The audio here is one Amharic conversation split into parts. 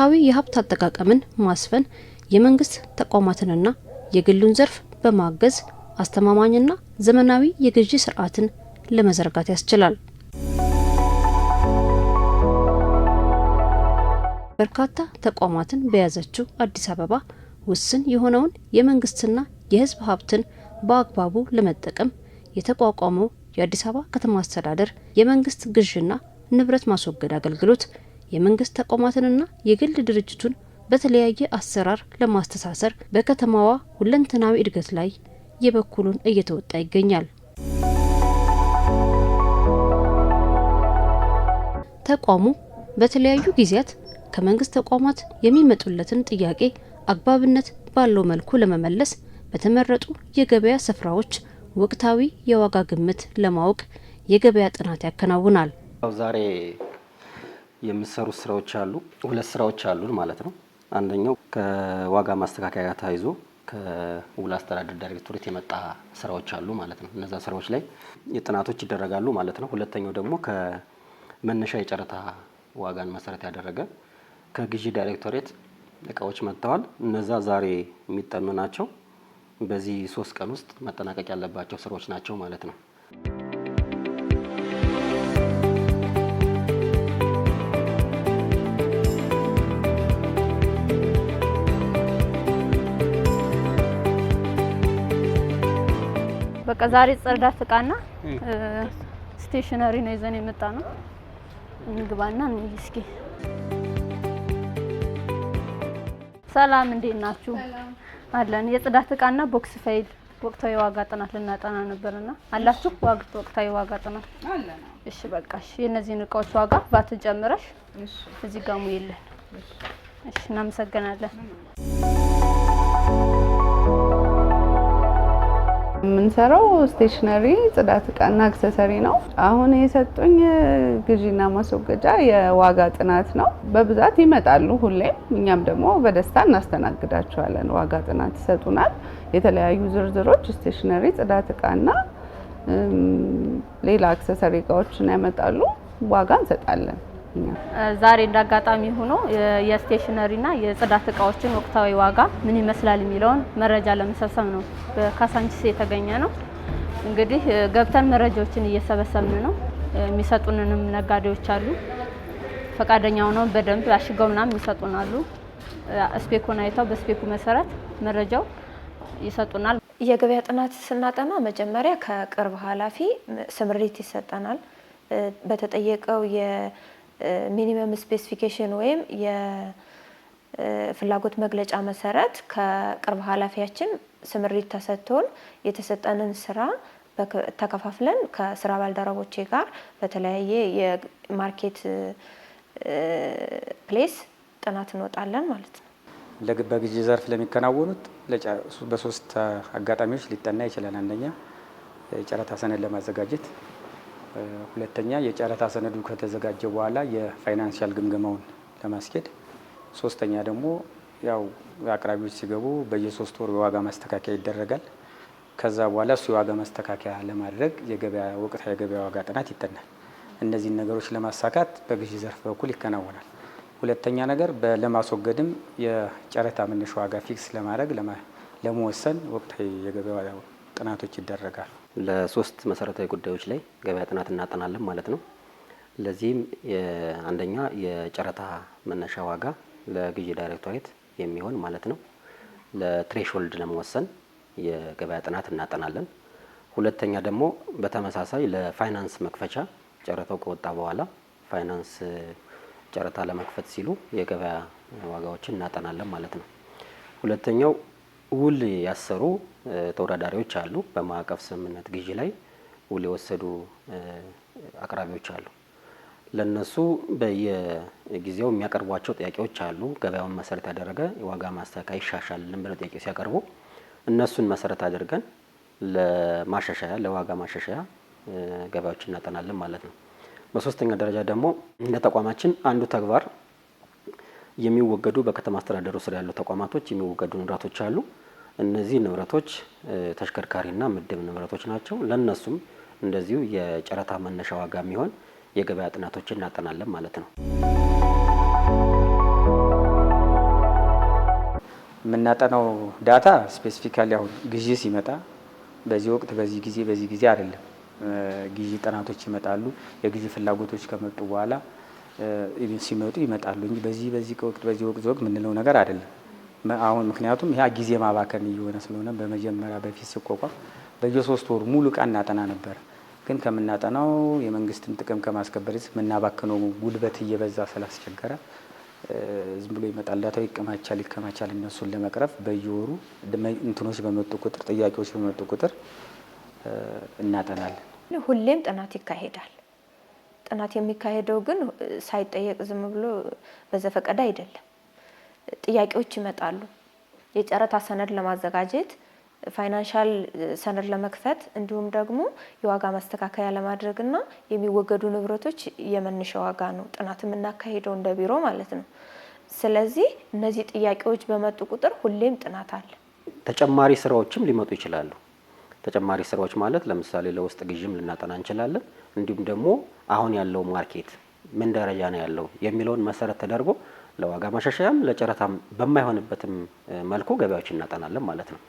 ፍትሐዊ የሀብት አጠቃቀምን ማስፈን፣ የመንግስት ተቋማትንና የግሉን ዘርፍ በማገዝ አስተማማኝና ዘመናዊ የግዢ ስርዓትን ለመዘርጋት ያስችላል። በርካታ ተቋማትን በያዘችው አዲስ አበባ ውስን የሆነውን የመንግስትና የህዝብ ሀብትን በአግባቡ ለመጠቀም የተቋቋመው የአዲስ አበባ ከተማ አስተዳደር የመንግስት ግዥና ንብረት ማስወገድ አገልግሎት የመንግስት ተቋማትንና የግል ድርጅቱን በተለያየ አሰራር ለማስተሳሰር በከተማዋ ሁለንተናዊ እድገት ላይ የበኩሉን እየተወጣ ይገኛል። ተቋሙ በተለያዩ ጊዜያት ከመንግስት ተቋማት የሚመጡለትን ጥያቄ አግባብነት ባለው መልኩ ለመመለስ በተመረጡ የገበያ ስፍራዎች ወቅታዊ የዋጋ ግምት ለማወቅ የገበያ ጥናት ያከናውናል። ዛሬ የሚሰሩ ስራዎች አሉ። ሁለት ስራዎች አሉን ማለት ነው። አንደኛው ከዋጋ ማስተካከያ ጋር ተያይዞ ከውል አስተዳደር ዳይሬክቶሬት የመጣ ስራዎች አሉ ማለት ነው። እነዛ ስራዎች ላይ ጥናቶች ይደረጋሉ ማለት ነው። ሁለተኛው ደግሞ ከመነሻ የጨረታ ዋጋን መሰረት ያደረገ ከግዢ ዳይሬክቶሬት እቃዎች መጥተዋል። እነዛ ዛሬ የሚጠኑ ናቸው። በዚህ ሶስት ቀን ውስጥ መጠናቀቅ ያለባቸው ስራዎች ናቸው ማለት ነው። በቃ ዛሬ ጽርዳት እቃና ስቴሽነሪ ነው ይዘን የመጣ ነው። እንግባና እንሂድ እስኪ። ሰላም እንዴት ናችሁ? አለን የጽዳት እቃና ቦክስ ፋይል ወቅታዊ ዋጋ ጥናት ልናጠና ነበርና አላችሁ ወቅታዊ ዋጋ ጥናት? እሺ በቃ እሺ። የእነዚህን እቃዎች ዋጋ ባትን ጨምረሽ እዚህ ጋሙ የለን። እሺ እናመሰግናለን። የምንሰራው ስቴሽነሪ፣ ጽዳት እቃና አክሰሰሪ ነው። አሁን የሰጡኝ ግዢና ማስወገጃ የዋጋ ጥናት ነው። በብዛት ይመጣሉ ሁሌም። እኛም ደግሞ በደስታ እናስተናግዳቸዋለን። ዋጋ ጥናት ይሰጡናል። የተለያዩ ዝርዝሮች ስቴሽነሪ፣ ጽዳት እቃና ሌላ አክሰሰሪ እቃዎችን ያመጣሉ። ዋጋ እንሰጣለን። ዛሬ እንዳጋጣሚ ሆኖ የስቴሽነሪና የጽዳት እቃዎችን ወቅታዊ ዋጋ ምን ይመስላል የሚለውን መረጃ ለመሰብሰብ ነው በካሳንቺስ የተገኘ ነው። እንግዲህ ገብተን መረጃዎችን እየሰበሰብን ነው። የሚሰጡንንም ነጋዴዎች አሉ። ፈቃደኛ ሆነው በደንብ አሽገው ምናምን ይሰጡን አሉ። ስፔኩን አይተው በስፔኩ መሰረት መረጃው ይሰጡናል። የገበያ ጥናት ስናጠና መጀመሪያ ከቅርብ ኃላፊ ስምሪት ይሰጠናል። በተጠየቀው ሚኒመም ስፔሲፊኬሽን ወይም የፍላጎት መግለጫ መሰረት ከቅርብ ኃላፊያችን ስምሪት ተሰጥቶን የተሰጠንን ስራ ተከፋፍለን ከስራ ባልደረቦቼ ጋር በተለያየ የማርኬት ፕሌስ ጥናት እንወጣለን ማለት ነው። በግዢ ዘርፍ ለሚከናወኑት በሶስት አጋጣሚዎች ሊጠና ይችላል። አንደኛ ጨረታ ሰነድ ለማዘጋጀት ሁለተኛ የጨረታ ሰነዱ ከተዘጋጀ በኋላ የፋይናንሻል ግምገማውን ለማስኬድ፣ ሶስተኛ ደግሞ ያው አቅራቢዎች ሲገቡ በየሶስት ወር የዋጋ ማስተካከያ ይደረጋል። ከዛ በኋላ እሱ የዋጋ ማስተካከያ ለማድረግ የገበያ ወቅታዊ የገበያ ዋጋ ጥናት ይጠናል። እነዚህን ነገሮች ለማሳካት በግዢ ዘርፍ በኩል ይከናወናል። ሁለተኛ ነገር ለማስወገድም የጨረታ መነሻ ዋጋ ፊክስ ለማድረግ ለመወሰን ወቅታዊ የገበያ ጥናቶች ይደረጋሉ። ለሶስት መሰረታዊ ጉዳዮች ላይ ገበያ ጥናት እናጠናለን ማለት ነው። ለዚህም አንደኛ የጨረታ መነሻ ዋጋ ለግዢ ዳይሬክቶሬት የሚሆን ማለት ነው ለትሬሾልድ ለመወሰን የገበያ ጥናት እናጠናለን። ሁለተኛ ደግሞ በተመሳሳይ ለፋይናንስ መክፈቻ ጨረታው ከወጣ በኋላ ፋይናንስ ጨረታ ለመክፈት ሲሉ የገበያ ዋጋዎችን እናጠናለን ማለት ነው። ሁለተኛው ውል ያሰሩ ተወዳዳሪዎች አሉ። በማዕቀፍ ስምምነት ግዢ ላይ ውል የወሰዱ አቅራቢዎች አሉ። ለነሱ በየጊዜው የሚያቀርቧቸው ጥያቄዎች አሉ። ገበያውን መሰረት ያደረገ የዋጋ ማስተካከያ ይሻሻልልን ብለው ጥያቄ ሲያቀርቡ እነሱን መሰረት አድርገን ለማሻሻያ ለዋጋ ማሻሻያ ገበያዎች እናጠናለን ማለት ነው። በሶስተኛ ደረጃ ደግሞ እንደ ተቋማችን አንዱ ተግባር የሚወገዱ በከተማ አስተዳደሩ ስር ያሉ ተቋማቶች የሚወገዱ ንብረቶች አሉ። እነዚህ ንብረቶች ተሽከርካሪና ምድብ ንብረቶች ናቸው። ለነሱም እንደዚሁ የጨረታ መነሻ ዋጋ የሚሆን የገበያ ጥናቶችን እናጠናለን ማለት ነው። የምናጠናው ዳታ ስፔሲፊካሊ አሁን ግዢ ሲመጣ በዚህ ወቅት በዚህ ጊዜ በዚህ ጊዜ አይደለም። ግዢ ጥናቶች ይመጣሉ። የግዢ ፍላጎቶች ከመጡ በኋላ ሲመጡ ይመጣሉ እንጂ በዚህ በዚህ ወቅት በዚህ ወቅት ወቅት የምንለው ነገር አይደለም። አሁን ምክንያቱም ያ ጊዜ ማባከን እየሆነ ስለሆነ በመጀመሪያ በፊት ስቋቋም በየሶስት ወሩ ሙሉ ዕቃ እናጠና ነበር። ግን ከምናጠናው የመንግስትን ጥቅም ከማስከበር የምናባክነው ጉልበት እየበዛ ስላስቸገረ ዝም ብሎ ይመጣል። ዳታው ይከማቻል ይከማቻል። እነሱን ለመቅረፍ በየወሩ እንትኖች በመጡ ቁጥር ጥያቄዎች በመጡ ቁጥር እናጠናለን። ሁሌም ጥናት ይካሄዳል። ጥናት የሚካሄደው ግን ሳይጠየቅ ዝም ብሎ በዘፈቀደ አይደለም። ጥያቄዎች ይመጣሉ። የጨረታ ሰነድ ለማዘጋጀት ፋይናንሻል ሰነድ ለመክፈት እንዲሁም ደግሞ የዋጋ ማስተካከያ ለማድረግና የሚወገዱ ንብረቶች የመነሻ ዋጋ ነው ጥናት የምናካሄደው እንደ ቢሮ ማለት ነው። ስለዚህ እነዚህ ጥያቄዎች በመጡ ቁጥር ሁሌም ጥናት አለ። ተጨማሪ ስራዎችም ሊመጡ ይችላሉ። ተጨማሪ ስራዎች ማለት ለምሳሌ ለውስጥ ግዥም ልናጠና እንችላለን። እንዲሁም ደግሞ አሁን ያለው ማርኬት ምን ደረጃ ነው ያለው የሚለውን መሰረት ተደርጎ ለዋጋ ማሻሻያም ለጨረታም በማይሆንበትም መልኩ ገበያዎችን እናጠናለን ማለት ነው።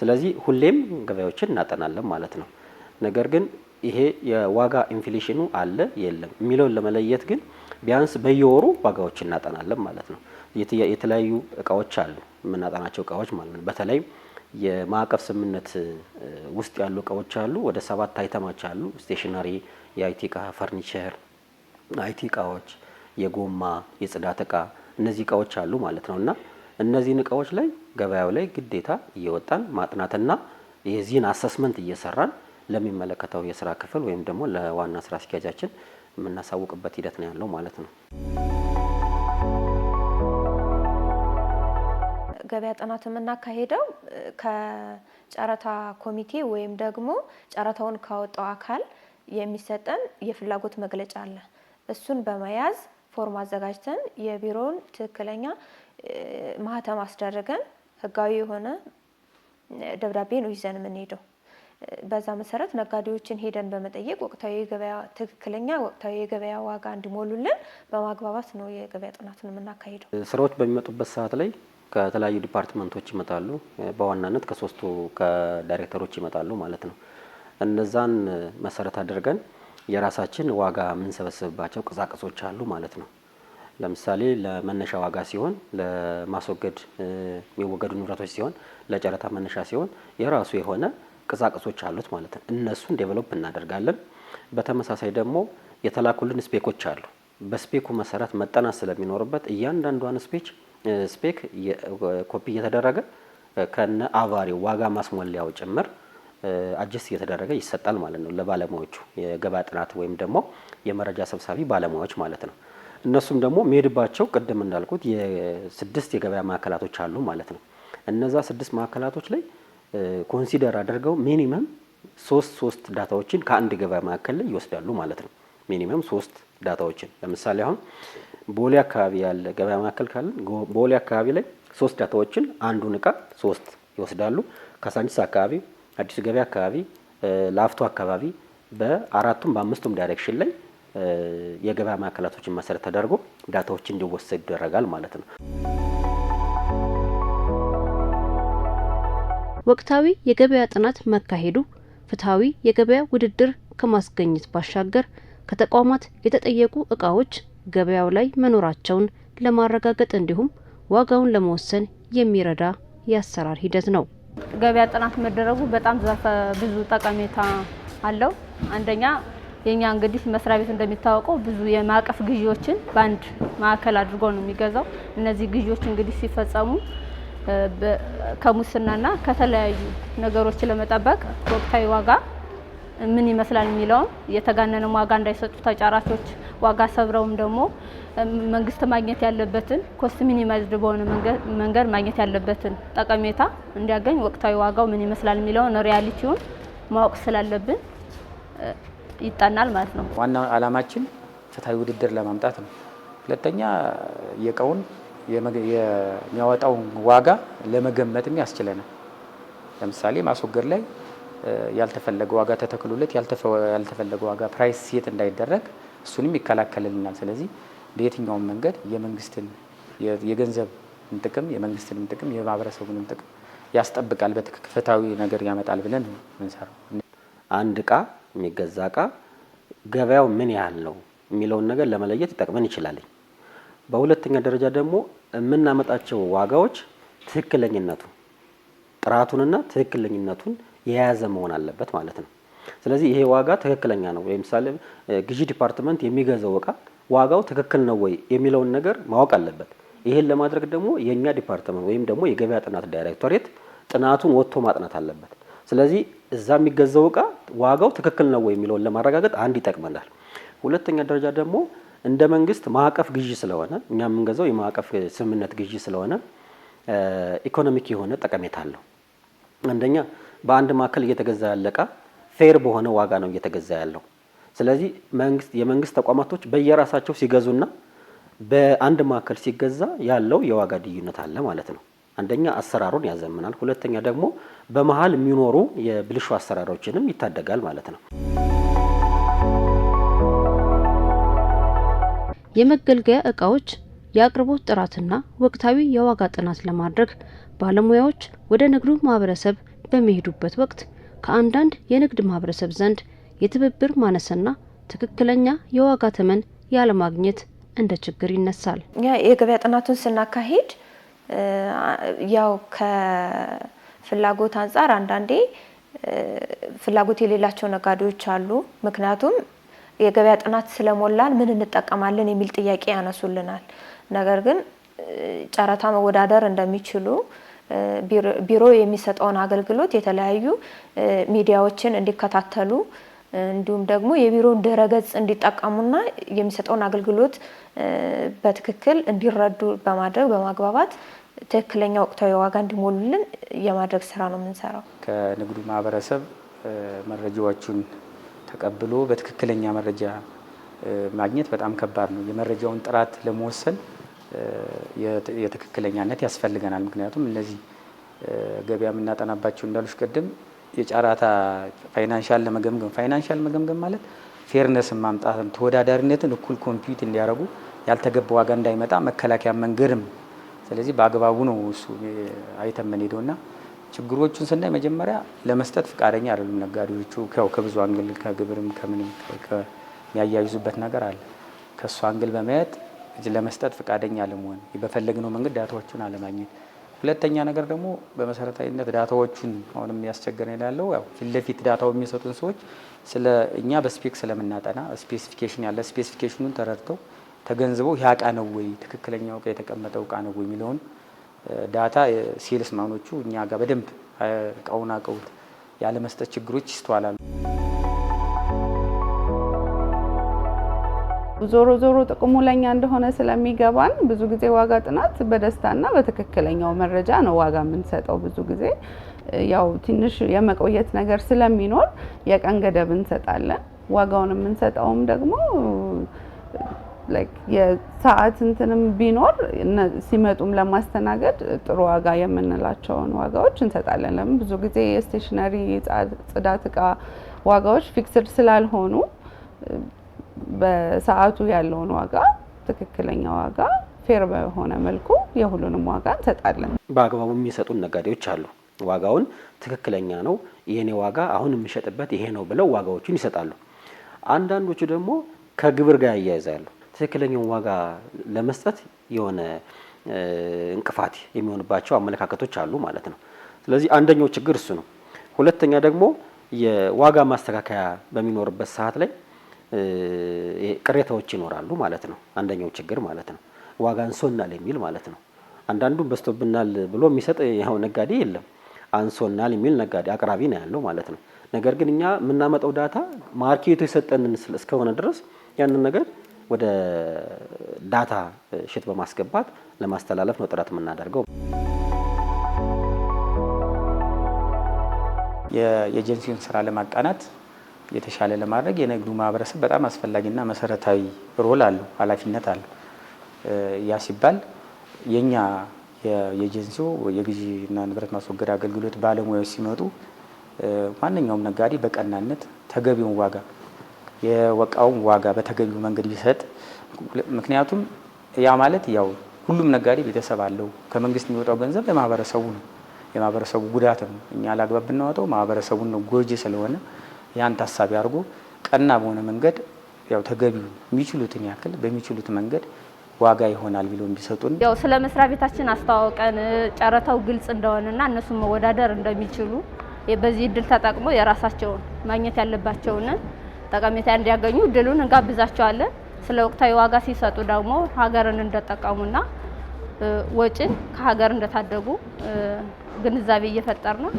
ስለዚህ ሁሌም ገበያዎችን እናጠናለን ማለት ነው። ነገር ግን ይሄ የዋጋ ኢንፍሌሽኑ አለ የለም የሚለውን ለመለየት ግን ቢያንስ በየወሩ ዋጋዎችን እናጠናለን ማለት ነው። የተለያዩ እቃዎች አሉ የምናጠናቸው እቃዎች ማለት ነው በተለይም። የማዕቀፍ ስምምነት ውስጥ ያሉ እቃዎች አሉ። ወደ ሰባት አይተማች አሉ። ስቴሽነሪ፣ የአይቲ እቃ፣ ፈርኒቸር፣ አይቲ እቃዎች፣ የጎማ፣ የጽዳት እቃ እነዚህ እቃዎች አሉ ማለት ነው እና እነዚህን እቃዎች ላይ ገበያው ላይ ግዴታ እየወጣን ማጥናትና የዚህን አሰስመንት እየሰራን ለሚመለከተው የስራ ክፍል ወይም ደግሞ ለዋና ስራ አስኪያጃችን የምናሳውቅበት ሂደት ነው ያለው ማለት ነው። ገበያ ጥናት የምናካሄደው ከጨረታ ኮሚቴ ወይም ደግሞ ጨረታውን ካወጣው አካል የሚሰጠን የፍላጎት መግለጫ አለ። እሱን በመያዝ ፎርም አዘጋጅተን የቢሮውን ትክክለኛ ማህተም አስደርገን ህጋዊ የሆነ ደብዳቤን ይዘን የምንሄደው። በዛ መሰረት ነጋዴዎችን ሄደን በመጠየቅ ወቅታዊ ገበያ ትክክለኛ ወቅታዊ የገበያ ዋጋ እንዲሞሉልን በማግባባት ነው የገበያ ጥናቱን የምናካሄደው። ስራዎች በሚመጡበት ሰዓት ላይ ከተለያዩ ዲፓርትመንቶች ይመጣሉ። በዋናነት ከሶስቱ ከዳይሬክተሮች ይመጣሉ ማለት ነው። እነዛን መሰረት አድርገን የራሳችን ዋጋ የምንሰበስብባቸው ቅጻቅጾች አሉ ማለት ነው። ለምሳሌ ለመነሻ ዋጋ ሲሆን፣ ለማስወገድ የሚወገዱ ንብረቶች ሲሆን፣ ለጨረታ መነሻ ሲሆን የራሱ የሆነ ቅጻቅጾች አሉት ማለት ነው። እነሱን ዴቨሎፕ እናደርጋለን። በተመሳሳይ ደግሞ የተላኩልን ስፔኮች አሉ። በስፔኩ መሰረት መጠናት ስለሚኖርበት እያንዳንዷን ስፔች ስፔክ ኮፒ እየተደረገ ከነ አቫሪው ዋጋ ማስሞሊያው ጭምር አጀስት እየተደረገ ይሰጣል ማለት ነው ለባለሙያዎቹ የገበያ ጥናት ወይም ደግሞ የመረጃ ሰብሳቢ ባለሙያዎች ማለት ነው። እነሱም ደግሞ የሚሄድባቸው ቅድም እንዳልኩት የስድስት የገበያ ማዕከላቶች አሉ ማለት ነው። እነዛ ስድስት ማዕከላቶች ላይ ኮንሲደር አድርገው ሚኒመም ሶስት ሶስት ዳታዎችን ከአንድ ገበያ ማዕከል ላይ ይወስዳሉ ማለት ነው። ሚኒመም ሶስት ዳታዎችን ለምሳሌ አሁን ቦሌ አካባቢ ያለ ገበያ ማዕከል ካለ ቦሌ አካባቢ ላይ ሶስት ዳታዎችን አንዱን እቃ ሶስት ይወስዳሉ። ካሳንቺስ አካባቢ፣ አዲስ ገበያ አካባቢ፣ ላፍቶ አካባቢ በአራቱም በአምስቱም ዳይሬክሽን ላይ የገበያ ማዕከላቶችን መሰረት ተደርጎ ዳታዎች እንዲወሰድ ይደረጋል ማለት ነው። ወቅታዊ የገበያ ጥናት መካሄዱ ፍትሐዊ የገበያ ውድድር ከማስገኘት ባሻገር ከተቋማት የተጠየቁ እቃዎች ገበያው ላይ መኖራቸውን ለማረጋገጥ እንዲሁም ዋጋውን ለመወሰን የሚረዳ የአሰራር ሂደት ነው። ገበያ ጥናት መደረጉ በጣም ዘርፈ ብዙ ጠቀሜታ አለው። አንደኛ የኛ እንግዲህ መስሪያ ቤት እንደሚታወቀው ብዙ የማዕቀፍ ግዢዎችን በአንድ ማዕከል አድርጎ ነው የሚገዛው። እነዚህ ግዢዎች እንግዲህ ሲፈጸሙ ከሙስናና ከተለያዩ ነገሮች ለመጠበቅ ወቅታዊ ዋጋ ምን ይመስላል የሚለውም የተጋነነም ዋጋ እንዳይሰጡ ተጫራቾች ዋጋ ሰብረውም ደግሞ መንግስት ማግኘት ያለበትን ኮስት ሚኒማይዝድ በሆነ መንገድ ማግኘት ያለበትን ጠቀሜታ እንዲያገኝ ወቅታዊ ዋጋው ምን ይመስላል የሚለውን ሪያሊቲውን ማወቅ ስላለብን ይጠናል ማለት ነው። ዋናው አላማችን ፍትሐዊ ውድድር ለማምጣት ነው። ሁለተኛ የእቃውን የሚያወጣውን ዋጋ ለመገመትም ያስችለናል። ለምሳሌ ማስወገድ ላይ ያልተፈለገ ዋጋ ተተክሎለት ያልተፈለገ ዋጋ ፕራይስ ሴት እንዳይደረግ እሱንም ይከላከልልናል። ስለዚህ በየትኛውም መንገድ የመንግስትን የገንዘብ ጥቅም የመንግስትንም ጥቅም የማህበረሰቡንም ጥቅም ያስጠብቃል፣ በፍትሃዊ ነገር ያመጣል ብለን ምንሰራው አንድ እቃ የሚገዛ እቃ ገበያው ምን ያህል ነው የሚለውን ነገር ለመለየት ይጠቅመን ይችላል። በሁለተኛ ደረጃ ደግሞ የምናመጣቸው ዋጋዎች ትክክለኝነቱ ጥራቱንና ትክክለኝነቱን የያዘ መሆን አለበት ማለት ነው። ስለዚህ ይሄ ዋጋ ትክክለኛ ነው። ለምሳሌ ግዢ ዲፓርትመንት የሚገዛው እቃ ዋጋው ትክክል ነው ወይ የሚለውን ነገር ማወቅ አለበት። ይሄን ለማድረግ ደግሞ የእኛ ዲፓርትመንት ወይም ደግሞ የገበያ ጥናት ዳይሬክቶሬት ጥናቱን ወጥቶ ማጥናት አለበት። ስለዚህ እዛ የሚገዛው እቃ ዋጋው ትክክል ነው ወይ የሚለውን ለማረጋገጥ አንድ ይጠቅመናል። ሁለተኛ ደረጃ ደግሞ እንደ መንግስት ማዕቀፍ ግዢ ስለሆነ እኛ የምንገዛው የማዕቀፍ ስምምነት ግዢ ስለሆነ ኢኮኖሚክ የሆነ ጠቀሜታ አለው። አንደኛ በአንድ ማዕከል እየተገዛ ያለ እቃ ፌር በሆነ ዋጋ ነው እየተገዛ ያለው። ስለዚህ መንግስት የመንግስት ተቋማቶች በየራሳቸው ሲገዙና በአንድ ማዕከል ሲገዛ ያለው የዋጋ ልዩነት አለ ማለት ነው። አንደኛ አሰራሩን ያዘምናል፣ ሁለተኛ ደግሞ በመሀል የሚኖሩ የብልሹ አሰራሮችንም ይታደጋል ማለት ነው። የመገልገያ እቃዎች የአቅርቦት ጥራትና ወቅታዊ የዋጋ ጥናት ለማድረግ ባለሙያዎች ወደ ንግዱ ማህበረሰብ በሚሄዱበት ወቅት ከአንዳንድ የንግድ ማህበረሰብ ዘንድ የትብብር ማነስና ትክክለኛ የዋጋ ተመን ያለማግኘት እንደ ችግር ይነሳል። የገበያ ጥናቱን ስናካሄድ ያው ከፍላጎት አንጻር አንዳንዴ ፍላጎት የሌላቸው ነጋዴዎች አሉ። ምክንያቱም የገበያ ጥናት ስለሞላን ምን እንጠቀማለን የሚል ጥያቄ ያነሱልናል። ነገር ግን ጨረታ መወዳደር እንደሚችሉ ቢሮ የሚሰጠውን አገልግሎት የተለያዩ ሚዲያዎችን እንዲከታተሉ እንዲሁም ደግሞ የቢሮውን ድረገጽ እንዲጠቀሙና የሚሰጠውን አገልግሎት በትክክል እንዲረዱ በማድረግ በማግባባት ትክክለኛ ወቅታዊ ዋጋ እንዲሞሉልን የማድረግ ስራ ነው የምንሰራው። ከንግዱ ማህበረሰብ መረጃዎቹን ተቀብሎ በትክክለኛ መረጃ ማግኘት በጣም ከባድ ነው። የመረጃውን ጥራት ለመወሰን የትክክለኛነት ያስፈልገናል። ምክንያቱም እነዚህ ገበያ የምናጠናባቸው እንዳሉሽ ቅድም የጨራታ ፋይናንሻል ለመገምገም ፋይናንሻል መገምገም ማለት ፌርነስን ማምጣትም ተወዳዳሪነትን እኩል ኮምፒት እንዲያደርጉ ያልተገባ ዋጋ እንዳይመጣ መከላከያ መንገድም ስለዚህ በአግባቡ ነው እሱ አይተን የምንሄደውና ችግሮቹን ስናይ መጀመሪያ ለመስጠት ፈቃደኛ አይደሉም ነጋዴዎቹ። ያው ከብዙ አንግል ከግብርም ከምንም ከሚያያይዙበት ነገር አለ። ከእሱ አንግል በማየት ለመስጠት ፈቃደኛ አለመሆን፣ በፈለግነው መንገድ ዳታዎቹን አለማግኘት። ሁለተኛ ነገር ደግሞ በመሰረታዊነት ዳታዎቹን አሁንም ያስቸገረን ያለው ያው ፊት ለፊት ዳታው የሚሰጡን ሰዎች ስለ እኛ በስፔክ ስለምናጠና ስፔሲፊኬሽን ያለ ስፔሲፊኬሽኑን ተረድተው ተገንዝበው ያ እቃ ነው ወይ ትክክለኛው እቃ የተቀመጠው እቃ ነው ወይ የሚለውን ዳታ ሴልስማኖቹ እኛ ጋር በደንብ እቃውን አውቀውት ያለመስጠት ችግሮች ይስተዋላሉ። ዞሮ ዞሮ ጥቅሙ ለኛ እንደሆነ ስለሚገባን ብዙ ጊዜ ዋጋ ጥናት በደስታና በትክክለኛው መረጃ ነው ዋጋ የምንሰጠው። ብዙ ጊዜ ያው ትንሽ የመቆየት ነገር ስለሚኖር የቀን ገደብ እንሰጣለን። ዋጋውን የምንሰጠውም ደግሞ የሰዓት እንትንም ቢኖር ሲመጡም ለማስተናገድ ጥሩ ዋጋ የምንላቸውን ዋጋዎች እንሰጣለን። ለምን ብዙ ጊዜ የስቴሽነሪ ጽዳት እቃ ዋጋዎች ፊክስድ ስላልሆኑ በሰዓቱ ያለውን ዋጋ ትክክለኛ ዋጋ ፌር በሆነ መልኩ የሁሉንም ዋጋ እንሰጣለን። በአግባቡ የሚሰጡን ነጋዴዎች አሉ። ዋጋውን ትክክለኛ ነው የኔ ዋጋ አሁን የምሸጥበት ይሄ ነው ብለው ዋጋዎቹን ይሰጣሉ። አንዳንዶቹ ደግሞ ከግብር ጋር ያያይዛሉ። ትክክለኛውን ዋጋ ለመስጠት የሆነ እንቅፋት የሚሆንባቸው አመለካከቶች አሉ ማለት ነው። ስለዚህ አንደኛው ችግር እሱ ነው። ሁለተኛ ደግሞ የዋጋ ማስተካከያ በሚኖርበት ሰዓት ላይ ቅሬታዎች ይኖራሉ ማለት ነው። አንደኛው ችግር ማለት ነው ዋጋ አንሶናል የሚል ማለት ነው። አንዳንዱም በዝቶብናል ብሎ የሚሰጥ ያው ነጋዴ የለም። አንሶናል የሚል ነጋዴ አቅራቢ ነው ያለው ማለት ነው። ነገር ግን እኛ የምናመጣው ዳታ ማርኬቱ የሰጠንን እስከሆነ ድረስ ያንን ነገር ወደ ዳታ ሽት በማስገባት ለማስተላለፍ ነው ጥረት የምናደርገው። የኤጀንሲውን ስራ ለማቃናት የተሻለ ለማድረግ የንግዱ ማህበረሰብ በጣም አስፈላጊና መሰረታዊ ሮል አለው፣ ኃላፊነት አለው። ያ ሲባል የኛ የኤጀንሲው የግዢና ንብረት ማስወገድ አገልግሎት ባለሙያዎች ሲመጡ ማንኛውም ነጋዴ በቀናነት ተገቢውን ዋጋ የወቃውን ዋጋ በተገቢው መንገድ ቢሰጥ፣ ምክንያቱም ያ ማለት ያው ሁሉም ነጋዴ ቤተሰብ አለው። ከመንግስት የሚወጣው ገንዘብ ለማህበረሰቡ ነው፣ የማህበረሰቡ ጉዳት ነው። እኛ ላግባብ ብናወጣው ማህበረሰቡን ነው ጎጂ ስለሆነ ያን ታሳቢ አድርጎ ቀና በሆነ መንገድ ያው ተገቢው የሚችሉትን ያክል በሚችሉት መንገድ ዋጋ ይሆናል ብሎ እንዲሰጡን ያው ስለ መስሪያ ቤታችን አስተዋውቀን ጨረታው ግልጽ እንደሆነና እነሱ መወዳደር እንደሚችሉ በዚህ እድል ተጠቅሞ የራሳቸውን ማግኘት ያለባቸውን ጠቀሜታ እንዲያገኙ እድሉን እንጋብዛቸዋለን። ስለ ወቅታዊ ዋጋ ሲሰጡ ደግሞ ሀገርን እንደጠቀሙና ወጪን ከሀገር እንደታደጉ ግንዛቤ እየፈጠር ነው።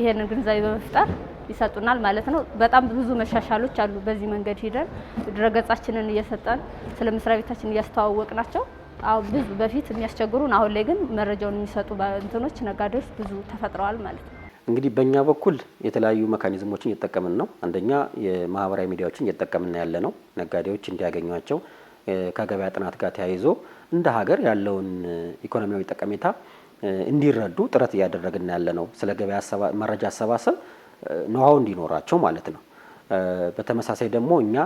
ይሄንን ግንዛቤ በመፍጠር ይሰጡናል ማለት ነው። በጣም ብዙ መሻሻሎች አሉ። በዚህ መንገድ ሂደን ድረገጻችንን እየሰጠን ስለ መስሪያ ቤታችን እያስተዋወቅ ናቸው። አሁን ብዙ በፊት የሚያስቸግሩን፣ አሁን ላይ ግን መረጃውን የሚሰጡ እንትኖች ነጋዴዎች ብዙ ተፈጥረዋል ማለት ነው። እንግዲህ በእኛ በኩል የተለያዩ መካኒዝሞችን እየጠቀምን ነው። አንደኛ የማህበራዊ ሚዲያዎችን እየተጠቀምን ያለ ነው። ነጋዴዎች እንዲያገኟቸው ከገበያ ጥናት ጋር ተያይዞ እንደ ሀገር ያለውን ኢኮኖሚያዊ ጠቀሜታ እንዲረዱ ጥረት እያደረግን ያለ ነው። ስለ ገበያ መረጃ አሰባሰብ ንሃው እንዲኖራቸው ማለት ነው። በተመሳሳይ ደግሞ እኛ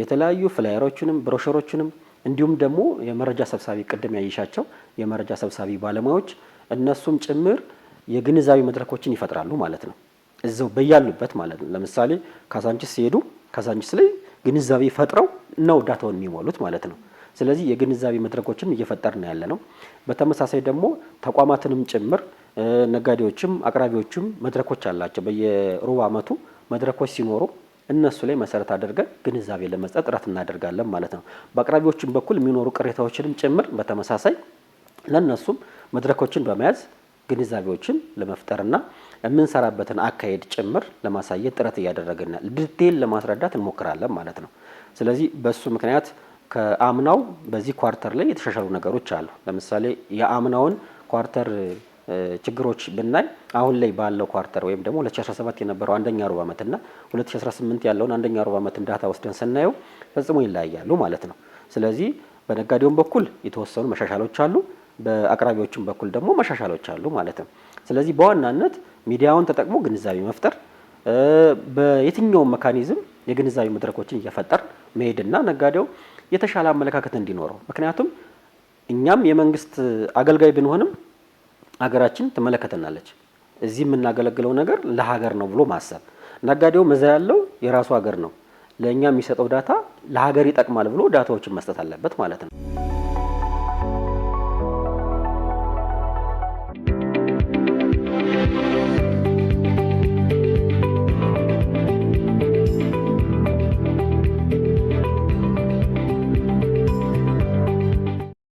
የተለያዩ ፍላየሮችንም ብሮሸሮችንም እንዲሁም ደግሞ የመረጃ ሰብሳቢ ቅድም ያይሻቸው የመረጃ ሰብሳቢ ባለሙያዎች እነሱም ጭምር የግንዛቤ መድረኮችን ይፈጥራሉ ማለት ነው። እዛው በያሉበት ማለት ነው። ለምሳሌ ካዛንቺስ ሲሄዱ ካዛንቺስ ላይ ግንዛቤ ፈጥረው ነው ዳታውን የሚሞሉት ማለት ነው። ስለዚህ የግንዛቤ መድረኮችን እየፈጠርን ያለ ነው። በተመሳሳይ ደግሞ ተቋማትንም ጭምር ነጋዴዎችም አቅራቢዎችም መድረኮች አላቸው። በየሩብ ዓመቱ መድረኮች ሲኖሩ እነሱ ላይ መሰረት አድርገን ግንዛቤ ለመስጠት ጥረት እናደርጋለን ማለት ነው። በአቅራቢዎችም በኩል የሚኖሩ ቅሬታዎችንም ጭምር በተመሳሳይ ለእነሱም መድረኮችን በመያዝ ግንዛቤዎችን ለመፍጠርና የምንሰራበትን አካሄድ ጭምር ለማሳየት ጥረት እያደረግና ዲቴይል ለማስረዳት እንሞክራለን ማለት ነው። ስለዚህ በሱ ምክንያት ከአምናው በዚህ ኳርተር ላይ የተሻሻሉ ነገሮች አሉ። ለምሳሌ የአምናውን ኳርተር ችግሮች ብናይ አሁን ላይ ባለው ኳርተር ወይም ደግሞ 2017 የነበረው አንደኛ ሩብ ዓመትና 2018 ያለውን አንደኛ ሩብ ዓመትን እንዳታ ወስደን ስናየው ፈጽሞ ይለያያሉ ማለት ነው። ስለዚህ በነጋዴውም በኩል የተወሰኑ መሻሻሎች አሉ፣ በአቅራቢዎችም በኩል ደግሞ መሻሻሎች አሉ ማለት ነው። ስለዚህ በዋናነት ሚዲያውን ተጠቅሞ ግንዛቤ መፍጠር በየትኛውም መካኒዝም የግንዛቤ መድረኮችን እየፈጠር መሄድና ነጋዴው የተሻለ አመለካከት እንዲኖረው ምክንያቱም እኛም የመንግስት አገልጋይ ብንሆንም ሀገራችን ትመለከተናለች። እዚህ የምናገለግለው ነገር ለሀገር ነው ብሎ ማሰብ፣ ነጋዴው መዛ ያለው የራሱ ሀገር ነው፣ ለእኛ የሚሰጠው ዳታ ለሀገር ይጠቅማል ብሎ ዳታዎችን መስጠት አለበት ማለት ነው።